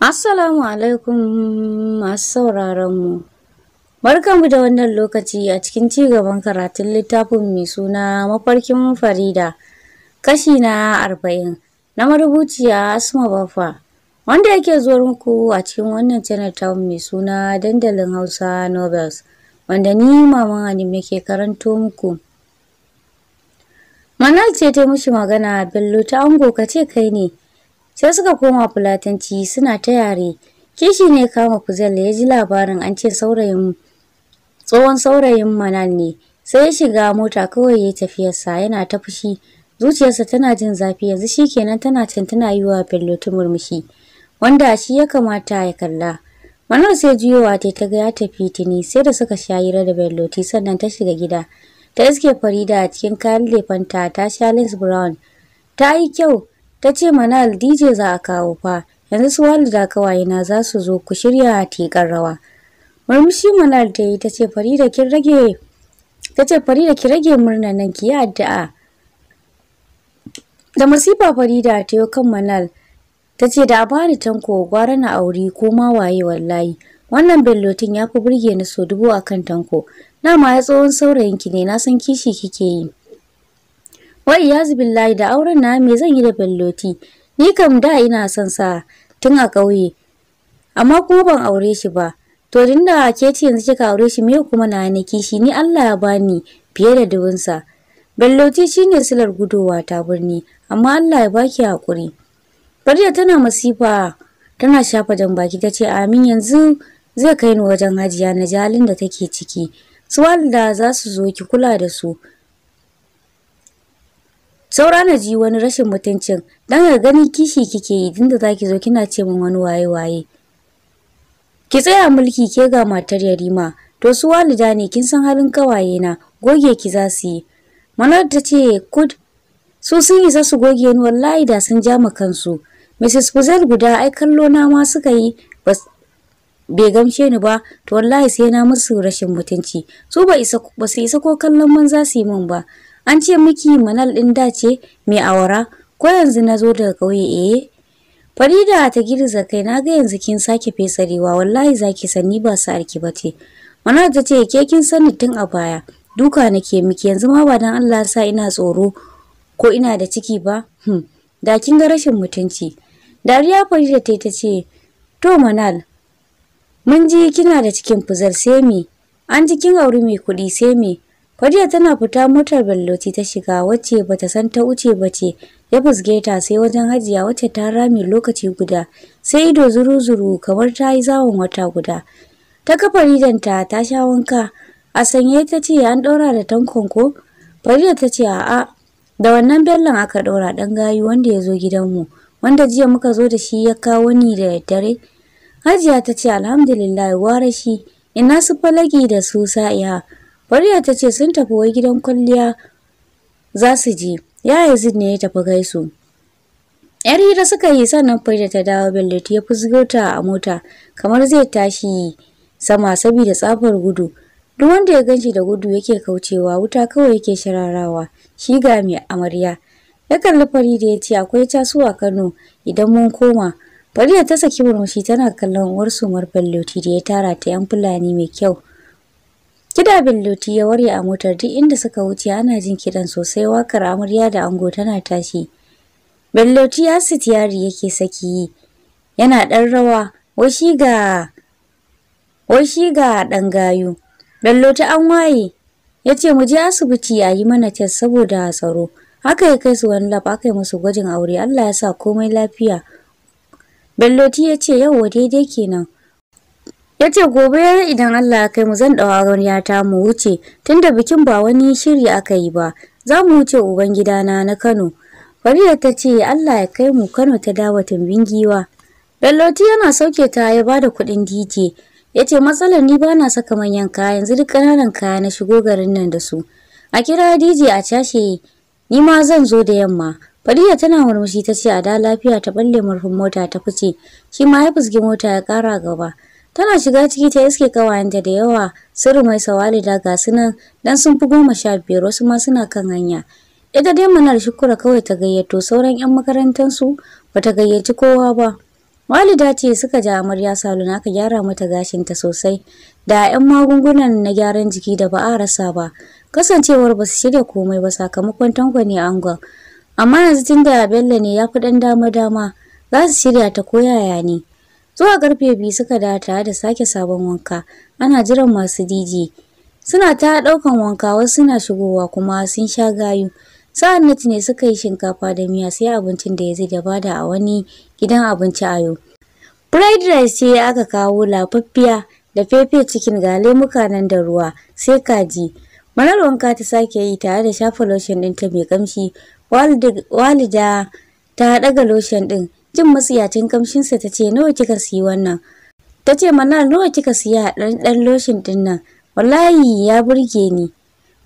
Assalamu alaikum masu sauraron mu. Barkanmu da wannan lokaci a cikin ci gaban karatun littafin mai suna mafarkin Farida kashi na arba'in na marubuciya Asma Bafa wanda yake zuwa muku a cikin wannan channel ta mai suna dandalin Hausa Novels wanda ni maman Hanim ke karanto muku. Manal ce ta mushi magana Bello ta ango ka ce kai ne sai suka koma fulatanci suna ta yare kishi ne kama fuzel ya ji labarin an ce saurayin tsohon saurayin manal ne sai ya shiga mota kawai ya tafiyarsa yana ta fushi zuciyarsa tana jin zafi yanzu shi kenan tana can tana yi wa murmushi wanda shi ya kamata ya kalla manal sai juyowa ta ta ga ya tafi tuni sai da suka sha hira da belloti sannan ta shiga gida ta iske farida a cikin kayan lefanta ta sha lens brown ta yi kyau ta ce manal dj za a kawo fa yanzu su walida kawayena za su zo ku shirya tekan rawa murmushi manal ta yi ta ce farida kin rage ta ki rage nan ki yi addu'a da masifa farida ta yi kan manal ta ce da abani tanko gwara na aure ko ma waye wallahi wannan bellotin ya fi burge ni so dubu akan tanko dama ya tsohon saurayinki ne na san kishi kike yi wai ya zubillahi da auren na me zan yi da belloti ni kam da ina son sa tun a ƙauye amma ko ban aure shi ba to din da ke ce yanzu kika aure shi me kuma na na kishi ni Allah ya bani fiye da sa belloti shine silar gudowa ta birni amma Allah ya baki hakuri Farida tana masifa tana shafa jan baki ta ce amin yanzu zai kai ni wajen hajiya na jalin da take ciki su da za su zo ki kula da su saura na ji wani rashin mutuncin dan ga gani kishi kike yi tunda zaki zo kina ce min wani waye waye ki tsaya mulki ke ga matar yarima to su walida ne kin san halin kawaye na goge ki za su yi manar ta ce kud su sun isa su goge ni wallahi da sun ja kansu mrs fuzel guda ai kallo na ma suka yi bai gamshe ni ba to wallahi sai na musu rashin mutunci su ba isa ba su isa ko kallon man za su yi min ba An ce miki manal ɗin da ce mai awara ko yanzu na zo daga kauye eh. Farida ta girza kai na ga yanzu kin sake fesarewa wallahi zaki sanni ba arki ba ce. Manal ta ce ke kin sani tun a baya duka nake miki yanzu ma ba dan Allah sa ina tsoro ko ina da ciki ba. Hmm. Da kin ga rashin mutunci. Dariya Farida ta ta ce to manal mun ji kina da cikin fuzar sai me an ji kin auri mai kuɗi sai me Fadiya tana fita motar Bellotti ta shiga wacce bata san ta wuce ba ce ya fusge ta sai wajen hajiya wacce ta rame lokaci guda sai ido zuru-zuru kamar ta yi zawon wata guda. Ta kafa ridanta ta sha wanka a sanye ta ce an ɗaura da tankon ko? Fadiya ta ce a'a da wannan bellon aka ɗaura ɗan gayu wanda ya zo gidanmu wanda jiya muka zo da shi ya kawo ni da dare? Hajiya ta ce alhamdulillah ware shi ina su falagi da su sa'iya? Bariya ta ce sun tafi wai gidan kwalliya za su je. Ya Yazid ne ya tafi gaisu. ‘Yar hira suka yi sannan da ta dawo ta ya fi ta a mota kamar zai tashi sama saboda tsafar gudu. Duk wanda ya ganshi da gudu yake kaucewa wuta kawai yake shararawa shi ga mai amarya. Ya kalli fari da ya ce akwai casuwa Kano idan mun koma. Farida ta saki murmushi tana kallon uwar sumar Bellat da ya tara ta ‘yan Fulani mai kyau. Kida Belloci ya ware a motar duk inda suka wuce ana jin kiɗan sosai wakar amarya da ango tana tashi. Belloci ya sitiyari yake saki yi. Yana ɗan rawa washi ga washi ga ɗan gayu. Billoti an waye ya ce mu je asibiti a yi mana tes saboda tsaro. Haka ya kai su wani lab aka yi musu gwajin aure Allah ya sa komai lafiya. Belloti ya ce yauwa daidai kenan. ya ce gobe idan Allah ya kai mu zan ɗau ya yata mu wuce tunda bikin ba wani shiri aka yi ba za mu wuce uban gidana na Kano fariya ta ce Allah ya kai mu Kano ta dawo tumbin giwa Belloti yana sauke ta ya bada kuɗin DJ ya ce matsalar ni bana saka manyan kaya yanzu duk ƙananan kaya na shigo garin nan da su a kira DJ a cashe ni ma zan zo da yamma Fadiya tana murmushi ta ce a da lafiya ta balle murhun mota ta fice shi ma ya fusgi mota ya kara gaba Tana shiga ciki ta iske kawayenta da yawa, sirri mai sawalida ga su nan dan sun fi goma sha biyar wasu ma suna kan hanya. Ita dai manar shukura kawai ta gayyato sauran 'yan makarantansu ba ta gayyaci kowa ba. Walida ce suka ja amarya salo na ka gyara mata gashinta sosai da 'yan magungunan na gyaran jiki da ba a rasa ba. Kasancewar ba su shirya komai ba sakamakon tango ne angon. Amma yanzu tun da Bello ne ya fi ɗan dama-dama za su shirya ta ko yaya ne. Zuwa karfe biyu suka dawo tare da sake sabon wanka. Ana jiran masu DJ. Suna ta ɗaukan wanka wasu suna shigowa kuma sun sha gayu. Sa'an nan ne suka yi shinkafa da miya sai abincin da ya zai da bada a wani gidan abinci a yau. Fried rice ce aka kawo lafaffiya da fefe cikin ga lemuka nan da ruwa sai kaji. Marar wanka ta sake yi tare da shafa lotion ɗinta mai kamshi. Walida ta ɗaga lotion ɗin jin matsiyacin kamshinsa ta ce nawa kika siyi wannan ta ce mana nawa kika siya dan ɗan loshin ɗin nan wallahi ya burge ni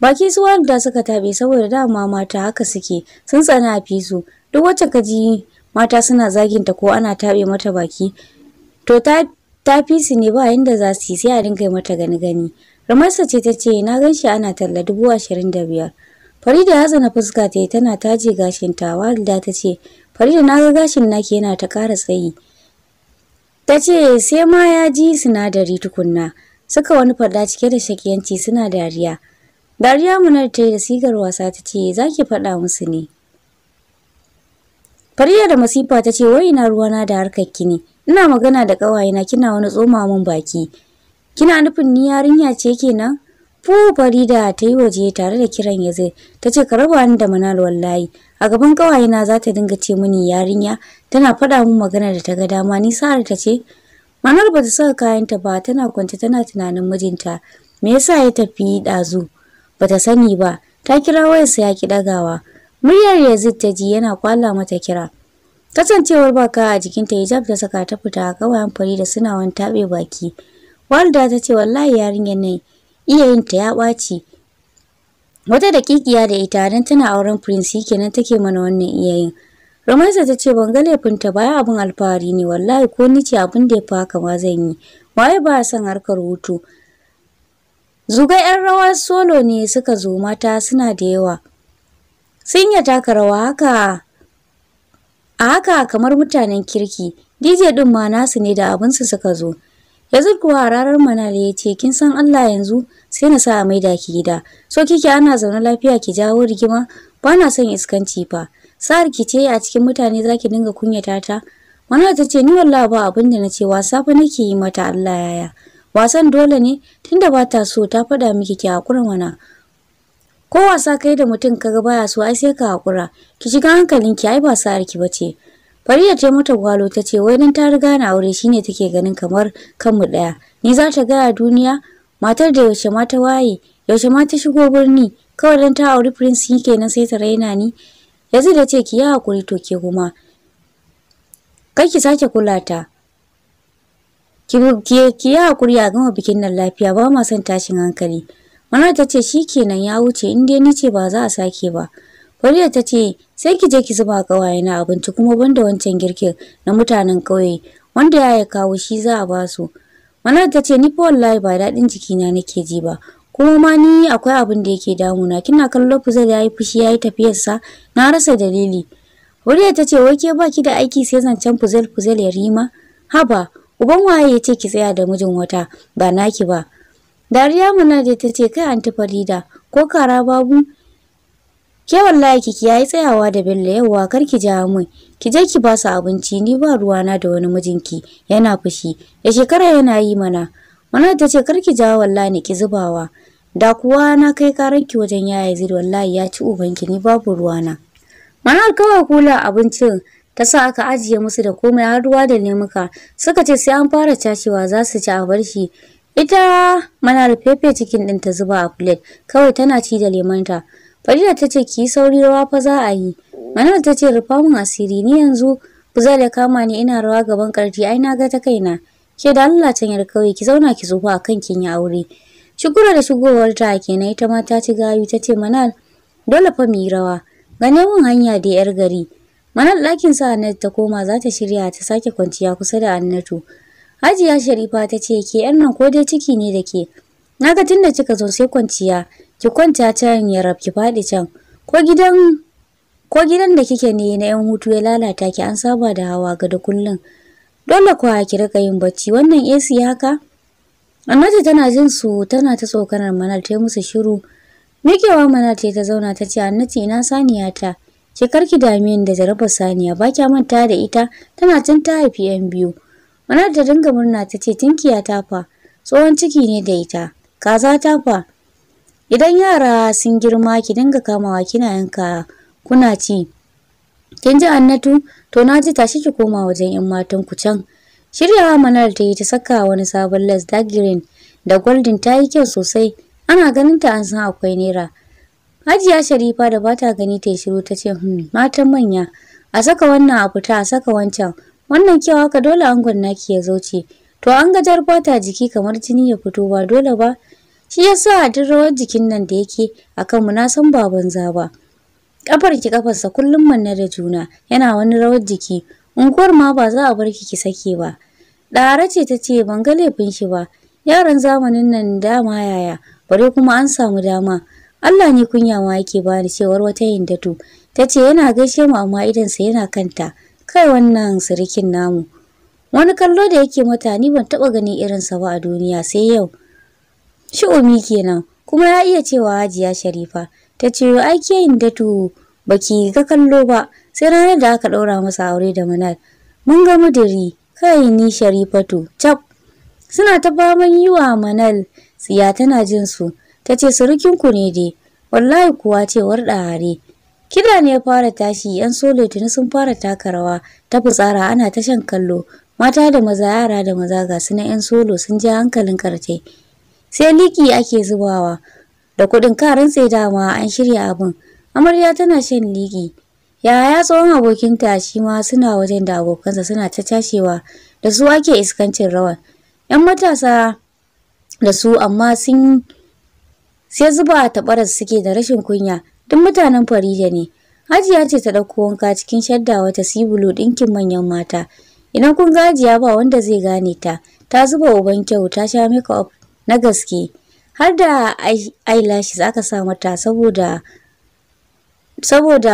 baki su wanda suka tabe saboda dama mata haka suke sun tsana fi su duk wacce ka ji mata suna zaginta ko ana tabe mata baki to ta ta fi su ne ba inda za su yi sai a dinga mata gani gani ramarsa ce ta ce na gan shi ana talla dubu ashirin da biyar Farida ya zana fuska ta tana taje gashinta, ta ta ce, Farida na ga gashin naki yana ta ƙara tsayi. Ta ce sai ma ya ji sinadari tukunna. Suka wani faɗa cike da shakiyanci suna dariya. Dariya munar ta yi da sigar wasa ta ce za ki faɗa musu ne. Farida da masifa ta ce wai ina ruwana da harkar ki ne. Ina magana da ƙawayena kina wani tsoma min baki. Kina nufin ni yarinya ce kenan? Fu da ta yi waje tare da kiran Yazid ta ce ka raba ni da Manal wallahi a gaban na za ta dinga ce mini yarinya tana faɗa min magana da ta ga dama ni sa'ar ta ce Manal ba ta saka kayanta ba tana kwance tana tunanin mijinta me yasa ya tafi ɗazu ba ta sani ba ta kira wayarsa ya ki ɗagawa muryar Yazid ta ji yana kwala mata kira kasancewar ka a jikin jikinta hijab ta saka ta fita kawayen da suna wani taɓe baki Walda ta ce wallahi yarinyar ne. ta ya ɓaci wata daƙiƙiya da ita don tana auren prince kenan take mana wannan iyayen romansa ta ce ban ga laifinta ba abin alfahari ne wallahi ko ni ce abin da ya fi haka ma zan yi waye ba son harkar hutu zuga yan rawa solo ne suka zo mata suna da yawa sun ya taka rawa haka a haka kamar mutanen kirki dj din ma nasu ne da abinsu suka zo Yazid kuwa a ranar manali ya ce kin san Allah yanzu sai na sa a maida ki gida. So kike ana zaune lafiya ki jawo rigima ba na son iskanci fa. Sa'ar ki a cikin mutane za ki dinga kunyata ta. Manal ta ce ni wallahi ba abin da na ce wasa fa nake yi mata Allah yaya. Wasan dole ne tunda ba ta so ta faɗa miki ki hakura mana. Ko wasa kai da mutum kaga baya so ai sai ka hakura. Ki shiga hankalinki ai ba sa'ar ki bace. Fariya ce mata gwalo ta ce wai dan ta riga na aure shine take ganin kamar kanmu daya. Ni za ta gaya duniya matar da yaushe ma ta waye yaushe ma ta shigo birni kawai dan ta auri prince shi kenan sai ta raina ni. Yanzu da ce ki yi hakuri to ke kuma. Kai ki sake kula ta. Ki yi hakuri a gama bikin nan lafiya ba ma son tashin hankali. mana ta ce shi kenan ya wuce in dai ni ce ba za a sake ba. Maryam ta ce sai ki je ki zuba ƙawaye na abinci kuma banda wancan girkin na mutanen ƙauye wanda ya kawo shi za a basu. Manar ta ce ni fa wallahi ba daɗin jikina nake ji ba kuma ma ni akwai abin da yake damuna kina kallo fuzo da yayi fushi ya yayi tafiyarsa na rasa dalili. Maryam ta ce wai ke ba ki da aiki sai zancen fuzel fuzel ya rima haba uban waye ya ce ki tsaya da mijin wata ba naki ba. Dariya Manar ta ce kai anti Farida ko kara babu Ke wallahi ki yi tsayawa da Bello yauwa kar ki ja mun. Ki je ki ba su abinci ni ba ruwa na da wani mijinki yana fushi. Ya shekara yana yi mana. mana ta ce kar ki ja wallahi ne ki zubawa. Da kuwa na kai karanki wajen yaya zid wallahi ya ci ubanki ni babu na. mana kawai kula abincin ta sa aka ajiye musu da komai har ruwa da lemuka suka ce sai an fara cashewa za su ci a bar shi ita manar fefe cikin ɗin ta zuba a plate kawai tana ci da lemanta. Farida ta ce ki sauri rawa fa za a yi. Manar ta ce rufa mun asiri ni yanzu Buzal ya kama ni ina rawa gaban ƙarfi ai na ga ta kaina. Ke da Allah can yar kauye ki zauna ki zo a kan kin yi aure. Shigura da shigowar ta kenan ita ma ta ci gayu ta ce Manal dole fa mu yi rawa. Gane mun hanya da yar gari. Manal ɗakin sa Annatu ta koma za ta shirya ta sake kwanciya kusa da Annatu. Hajiya Sharifa ta ce ke yan nan ko dai ciki ne da ke. Na ga tunda kika zo sai kwanciya. ki kwanta can ya rab ki faɗi can ko gidan ko gidan da kike ne na yan hutu ya lalata ki an saba da hawa ga da kullun dole kuwa ki rika yin bacci wannan AC haka Annati tana jin su tana ta tsokanar Manal ta musu shiru Mikewa Manal ta zauna ta ce Annati ina saniya ta ki karki dame ni da jarabar saniya ba kya manta da ita tana tun ta haifi yan biyu Manal ta dinga murna ta ce tinkiya ta fa tsohon ciki ne da ita kaza ta fa idan yara sun girma ki dinga kamawa kina yanka kuna ci kin ji annatu to na ji tashi ki koma wajen yan matan ku can shiryawa manar ta yi ta saka wani sabon les da green da golden ta yi kyau sosai ana ganin ta an san akwai naira hajiya sharifa da bata gani ta yi shiru ta ce hmm matan manya a saka wannan a fita a saka wancan wannan kyau haka dole angon naki ya zo ce to an gajar fata jiki kamar jini ya fito ba dole ba Shi ya sa a duk rawar jikin nan da yake a mu na san ba banza ba. Ƙafar ki ƙafarsa, kullum manne da juna yana wani rawar jiki. Unguwar ma ba za a bar ki ki sake ba. Ɗara ce ta ce ban ga laifin shi ba. Yaran zamanin nan dama yaya bare kuma an samu dama. Allah ne kunya ma yake bani cewar wata yindatu. Ta ce yana gaishe mu amma idansa yana kanta. Kai wannan sirikin namu. wani kallo da yake mata ni ban taɓa ganin irinsa ba a duniya sai yau Shi'umi kenan kuma ya iya cewa Hajiya Sharifa ta ce ai ke yin datu baki ga kallo ba sai ranar da aka ɗaura masa aure da Manal. Mun ga mudiri kai ni Sharifatu cap suna ta faman yi wa Manal tsiya tana jin su ta ce surukinku ne dai wallahi kuwa cewar ɗahare. Kiɗa ne ya fara tashi ‘yan solo tuni sun fara taka rawa ta fitsara ana ta shan kallo mata da maza yara da maza ga su na ‘yan solo sun ji hankalin karte sai liki ake zubawa da kuɗin karin sai dama an shirya abin amarya tana shan liki yaya tsohon abokinta shi ma suna wajen da abokansa suna ta tashewa da su ake iskancin rawan yan matasa da su amma sun sai zuba a taɓarar suke da rashin kunya duk mutanen farida ne hajiya ce ta ɗauko wanka cikin shadda wata sibulu ɗinkin manyan mata idan kun gajiya ba wanda zai gane ta ta zuba uban kyau ta sha make na gaske har da eyelashes aka sa mata saboda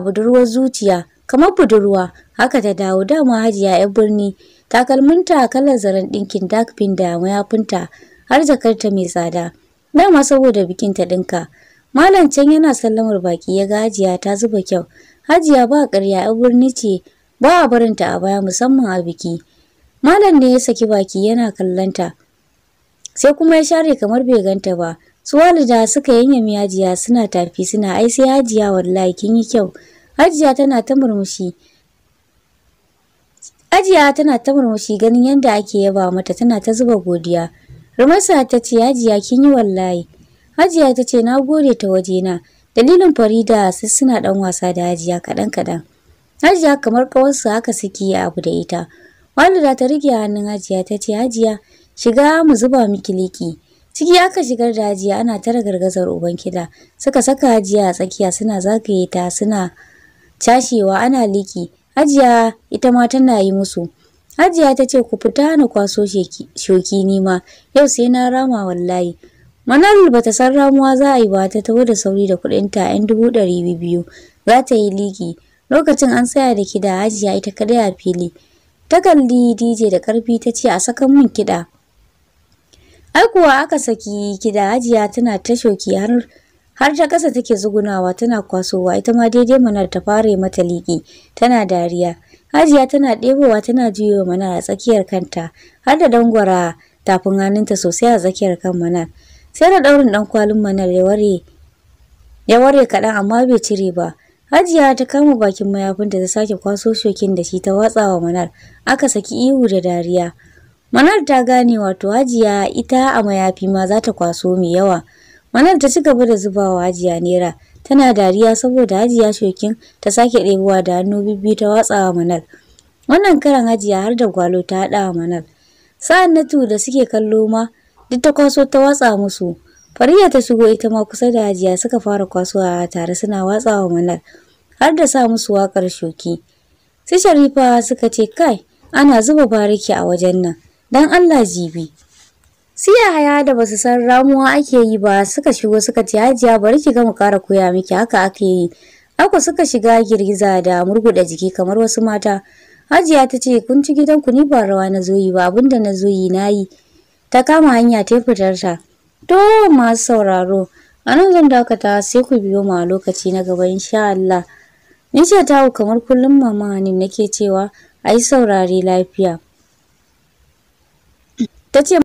budurwar zuciya kamar budurwa haka ta dawo dama hajiya yan birni takalminta kalar zaren ɗinkin dark da mayafinta har jakarta mai tsada dama saboda bikin ta ɗinka malam can yana sallamar baki ya ga hajiya ta zuba kyau hajiya ba ƙarya yan birni ce ba a barinta a baya musamman a biki malam ne ya saki baki yana kallanta sai kuma ya share kamar bai ganta ba su walida suka yanyame hajiya suna tafi suna ai sai hajiya wallahi kin yi kyau hajiya tana ta murmushi hajiya tana ta murmushi ganin yadda ake yaba mata tana ta zuba godiya rumarsa ta ce hajiya kin yi wallahi hajiya ta ce na gode ta wajena dalilin farida sai suna dan wasa da hajiya kaɗan kaɗan hajiya kamar kawarsu haka suke abu da ita walida ta rike hannun hajiya ta ce hajiya Shiga mu zuba miki liki. Ciki aka shigar da hajiya ana tara gargazar uban kida. Suka saka hajiya a tsakiya suna zagaye ta suna cashewa ana liki. Hajiya ita ma tana yi musu. Hajiya ta ce ku fita na kwaso shoki ni yau sai na rama wallahi. Manal bata san ramuwa za a yi ba ta taho da sauri da kuɗin ta yan dubu ɗari biyu. Za ta yi liki. Lokacin an tsaya da kida hajiya ita kadai a fili. Ta kalli DJ da ƙarfi ta ce a saka min kiɗa. Ai kuwa aka saki ki hajiya tana ta shoki har har ta ƙasa take zugunawa tana kwasowa ita ma daidai manar ta fare mata liƙi tana dariya. Hajiya tana ɗebowa tana juyo mana a tsakiyar kanta har da dangwara tafin hannunta sosai a tsakiyar kan manar. Sai da ɗaurin ɗan kwalin manar ya ware ya ware kaɗan amma bai cire ba. Hajiya ta kama bakin mayafinta ta sake kwaso shokin da shi ta watsawa manar aka saki ihu da dariya. Manar ta gane wato Hajiya ita a mayafi ma za ta kwaso mai yawa. Manar ta ci gaba da zubawa Hajiya nera tana dariya saboda Hajiya shokin ta sake ɗebowa da hannu bibbi ta watsawa Manar. Wannan karan Hajiya har da gwalo ta haɗa Manar. Sa'an Natu da suke kallo ma duk ta kwaso ta watsa musu. Fariya ta shigo ita ma kusa da Hajiya suka fara kwasowa tare suna watsawa Manar har da sa musu waƙar shoki. Sai Sharifa suka ce kai ana zuba bariki a wajen nan. Dan Allah jibi. Su yaya da basu san ramuwa ake yi ba suka shigo suka ci hajiya bari ki gama ƙara koya miki haka ake yi. Aku suka shiga girgiza da murguɗa jiki kamar wasu mata. Hajiya ta ce kun ci gidanku ni ba rawa na zo yi ba abinda na yi na yi. Ta kama hanya ta fitar ta. To masu sauraro a nan zan dakata sai ku biyo mu a lokaci na gaba insha Allah. Ni ce tawo kamar kullum mama ne nake cewa a yi saurare lafiya. Татьяна